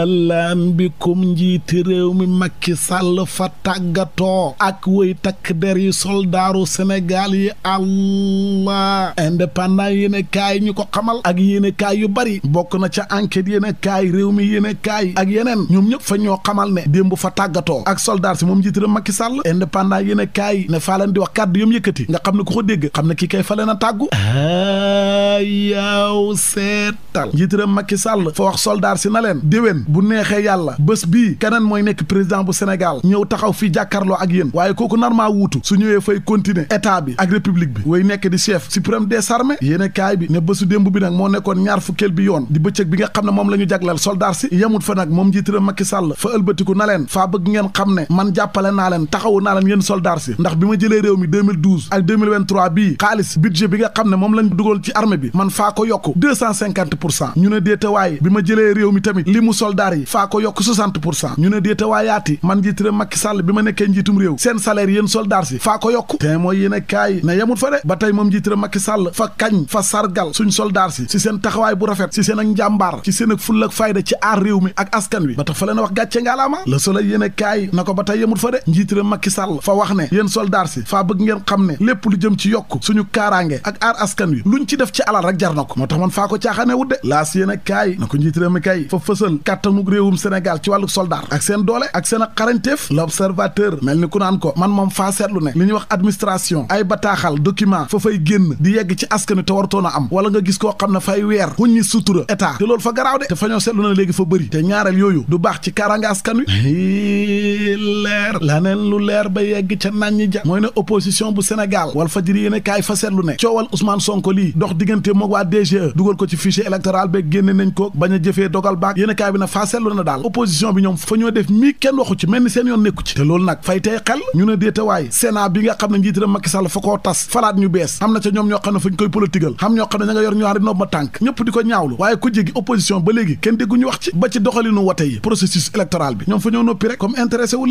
alaan bikum njiiti réew mi Macky Sall fa tàggatoo ak wëy takk der yi soldaaru Sénégal yi allah indépendant yéene kaay ñu ko xamal ak yéene yu bari bokk na ca enquête yéene kaay réew mi yéene kaay ak yeneen ñoom ñëpp fa ñoo xamal ne démb fa tàggatoo ak soldaar si moom njiiti réew Macky Sall indépendant yéene kaay ne faa leen di wax kàddu yom yëkkati nga xam ne ku ko dégg xam ne kii kay fa leen a tàggu yaw seetal njiiti réew Macky fa wax soldaar si na leen bu neexee yàlla bés bii keneen mooy nekk président bu Sénégal ñëw taxaw fii jàkkaarloo ak yéen waaye kooku normaa wuutu su ñëwee fay continuer état bi ak république bi way nekk di chef suprême des armées yéen bi ne bésu démb bi nag moo nekkoon ñaar fukkeel bi yoon di bëccëg bi nga xam ne moom la ñu jagleel fa nag moom njiitëram Macky Sall fa ëlbatiku na leen faa bëgg ngeen xam ne man jàppale naa leen taxawu naa leen yéen soldat si ndax bi ma jëlee réew mi 2012 ak 2023 bii xaalis budget ne moom lañ dugal ci armée bi man faa ko yokk 250 pour cent ñu ne déetawaay bi ma jëlee réew mi tamit li mu daar faa ko yokk ñu ne déeta man njiit réew Macky bi ma nekkee njiitum réew seen salaire yéen soldaar si faa ko yokk te mooy a kaay ne yemut fa de ba tey moom njiit réew Macky fa kañ fa sargal suñ soldaar si si seen taxawaay bu rafet si seen ak ci seen ak fayda ci aar réew mi ak askan wi ba tax fa leen wax gàcce ngaalaama Le Soleil yéen a kaay na ko ba tey yemut fa de njiit réew Macky fa wax ne yéen soldaar si faa bëgg kàttanu réewum Sénégal ci wàllu soldat ak seen doole ak seen xarañteef l'observateur mel ni ku naan ko man moom faa seetlu ne li ñuy wax administration ay bataaxal document fa fay génn di yegg ci askani te wartoon a am wala nga gis koo xam ne fay weer xuññi sutura état te loolu fa garaaw de te fa ñoo seetlu na léegi fa bëri te ñaareel yooyu du baax ci kaaraange askan wi leer laneen lu leer ba yegg ca naññi ja mooy ne opposition bu Sénégal wal fajiri yéene kaay fa seetlu ne coowal Ousmane Sonko lii dox diggante moog waa DGE dugal ko ci fichier électoral ba génne nañ ko bañ a jëfee Moustapha seetlu na daal opposition bi ñoom fa ñoo def mii kenn waxu ci mel ni seen yoon nekku ci te loolu nag fay tey xel ñu ne déetawaay Sénat bi nga xam ne njiitiram Macky Sall fa koo tas falaat ñu bees am na ca ñoom ñoo xam ne fa ñu koy politigal xam ñoo xam ne ña nga yor ñaari nopp ma tànk ñëpp di ko ñaawlu waaye ku jigi opposition ba léegi kenn dégguñu wax ci ba ci doxalinu wote yi processus électoral bi ñoom fa ñoo noppi rek comme intéressé wu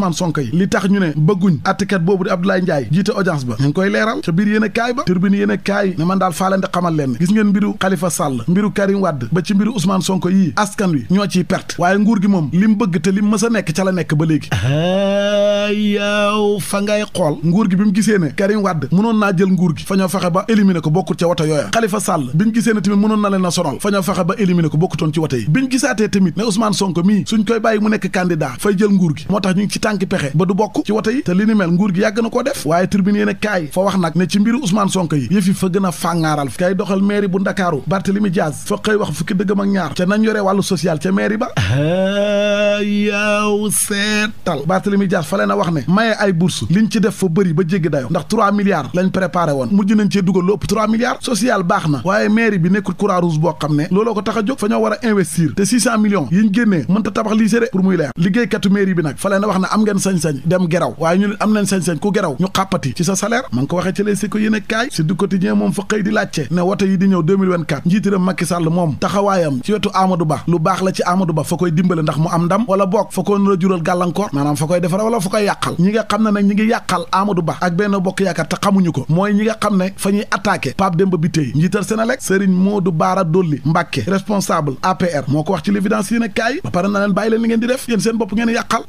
Ousmane Sonko yi li tax ñu ne bëgguñ attikat boobu di Abdoulaye Ndiaye jiite audience ba ñu ngi koy leeral ca biir yéen a kaay ba turbine yéen a kaay ne man daal faa leen di xamal leen gis ngeen mbiru Khalifa Sall mbiru Karim Wade ba ci mbiru Ousmane Sonko yii askan wi ñoo ciy perte waaye nguur gi moom li mu bëgg te li mu mës a nekk ca la nekk ba léegi yow fa ngay xool nguur gi bi mu gisee ne Karim Wade mënoon naa jël nguur gi fa ñoo fexe ba éliminer ko bokkut ca woto yooya Khalifa Sall bi na leen a sonal fa ñoo ko bokkutoon ci woto yi bi ñu gisaatee tamit ne Ousmane Sonko mii gi sànki pexe ba du bokk ci wote yi te li ni mel nguur gi yàgg na koo def waaye tribune yéen kaay fa wax nag ne ci mbiru Ousmane Sonko yi yëf fa gën a fàngaaral kay doxal mairie bu Ndakaaru Barthélemy Diaz fa wax fukki dëggam ak ñaar ca nañ yore wàllu social ca mairie ba yaaw seetal Barthélemy Diaz fa leen a wax ne maye ay bourse liñ ci def fa bëri ba jéggi dayo ndax 3 milliards lañ woon mujj nañ cee dugal lu ëpp 3 milliards baax na waaye mairie bi nekkul Croix-Rouge boo a jóg fa ñoo war a investir te 600 millions yiñ génnee mënta tabax lycée pour muy leer liggéeykatu mairie bi nag fa a am ngeen ko waxee ci les si ko yéen kaay si du quotidien moom fa di laajte ne wote yi di yàqal ñi nga Ba mooy ñi nga xam ne pare na leen bàyyi leen li ngeen di def yéen seen bopp ngeen yàqal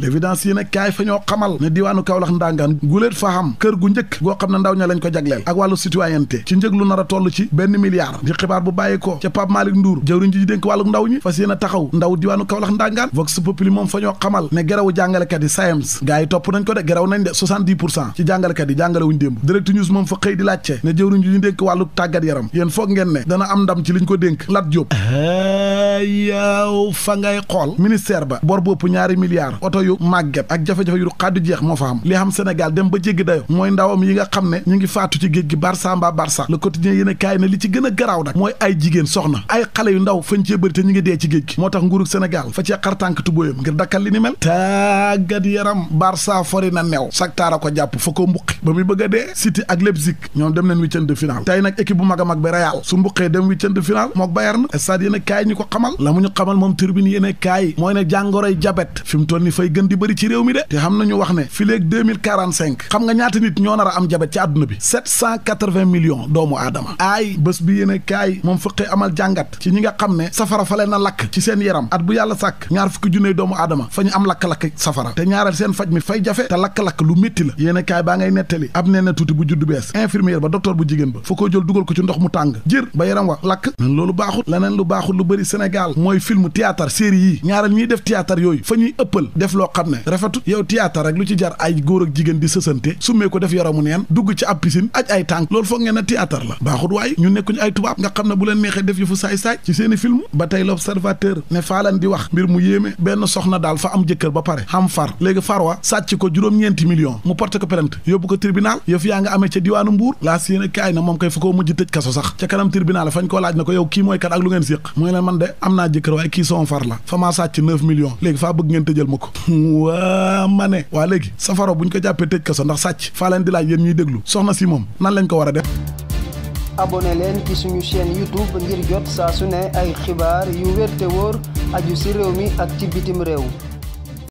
kaay fa ñoo xamal ne diwaanu Kaolack ndangaan guléet fa xam kër gu njëkk goo xam ne ndaw ña lañ ko jagleel ak wàllu citoyenneté ci njëg lu nar a toll ci benn milliard di xibaar bu bàyyi ko ca Pape Malick Ndour jëwriñ ji dénk wàllu ndaw ñi fas yéen a taxaw ndaw diwaanu Kaolack ndangaan Vox Populi moom fa ñoo xamal ne gerawu jàngalekat yi SAEMS gars yi topp nañ ko de geraw nañ de 70 pour cent ci jàngalekat yi jàngale wuñ démb direct news moom fa xëy di laajte tàggat yaram yéen foog ne dana am ndam ci ko dénk Lat Diop yaw xool ministère ba bor bopp ñaari milliards oto yu màgget ak ak jafe-jafe yu xaddu jeex moo fa am li xam Sénégal dem ba jéggi dayo mooy ndawam yi nga xam ne ñu ngi faatu ci géej gi Barça mbaa Barça le quotidien yéen a kaay ne li ci gën a garaaw nag mooy ay jigéen soxna ay xale yu ndaw fañ cee bëri te ñu ngi dee ci géej gi moo tax nguurug Sénégal fa cee xartànk tubóoyam ngir dakkal li ni mel tàggat yaram Barça fori na neew Shakhtar a ko jàpp fa ko mbuqi ba mu bëgg a dee City ak Leipzig ñoom dem nañ huitième de finale tey nag équipe bu a mag bi Real su mbuqee dem huitième de finale mook Bayern stade a kaay ñu ko xamal la mu ñu a kaay jabet fi toll ni fay gën di bëri ci réew mi mi de te xam nañu wax ne fii léegi deux xam nga ñaata nit ñoo nar a am jabet ci àdduna bi sept doomu aadama aay bés bi yéen moom fëqee amal jàngat ci ñi nga xam ne safara fale na lakk ci seen yaram at bu yàlla sàkk ñaar fukki junne doomu aadama fa ñu am lakk-lakk safara te ñaareel seen faj mi fay jafe te lakk-lakk lu métti la yéen baa ngay nettali ab nee na tuuti bu juddu bees infirmière ba docteur bu jigéen ba fa ko jël dugal ko ci ndox mu ba yaram lu baaxul lu bëri Sénégal mooy film théâtre yi ñaaral ñuy def théâtre yooyu fa ñuy ëppal def loo yow théâtre rek lu ci jar ay góor ak jigéen di sësante summee ko def yaramu neen dugg ci ab piscine aj ay tànk loolu foog ngeen ne théâtre la baaxut waaye ñu nekkuñu ay tubaab nga xam ne bu leen neexee def yu fu saay-saay ci seeni film ba tey l'observateur ne faalan di wax mbir mu yéeme benn soxna daal fa am jëkkër ba pare xam far léegi far wa sàcc ko juróom-ñeenti million mu porte ko plainte yóbbu ko tribunal yëf yaa nga amee ca diwaanu mbuur laas yéen ko yow kii mooy kat ak lu ngeen séq mooy leen man de am naa jëkkër waaye kii ma ma ne waa léegi safaro bu ñu ko jàppee tëj kaso ndax sàcc faa leen di laaj ñuy déglu soxna si moom nan lañ ko war a def abonné leen ci suñu chaîne youtube ngir jot saa su ne ay xibaar yu wér te wóor aju si réew mi ak ci bitim réew